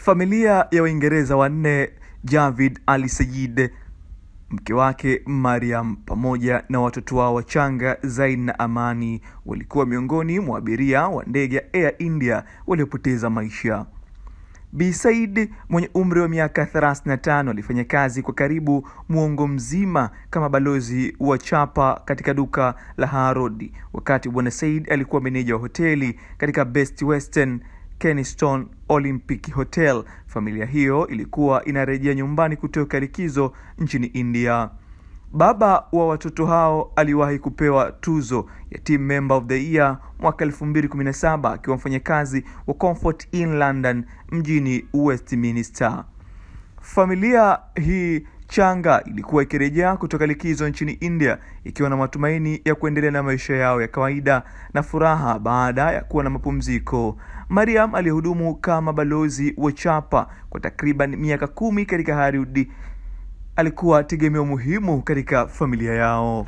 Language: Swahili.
Familia ya Waingereza wanne javid Ali sayid mke wake Mariam pamoja na watoto wao wachanga Zain na Amani walikuwa miongoni mwa abiria wa ndege ya Air India waliopoteza maisha. Bi Said mwenye umri wa miaka 35 alifanya kazi kwa karibu muongo mzima kama balozi wa chapa katika duka la Harrods, wakati bwana Said alikuwa meneja wa hoteli katika Best Western Keniston Olympic Hotel. Familia hiyo ilikuwa inarejea nyumbani kutoka likizo nchini India. Baba wa watoto hao aliwahi kupewa tuzo ya Team Member of the Year mwaka 2017 akiwa mfanyakazi wa Comfort Inn London mjini Westminster. Familia hii Changa ilikuwa ikirejea kutoka likizo nchini India ikiwa na matumaini ya kuendelea na maisha yao ya kawaida na furaha baada ya kuwa na mapumziko. Mariam alihudumu kama balozi wa chapa kwa takriban miaka kumi katika Harudi. Alikuwa tegemeo muhimu katika familia yao.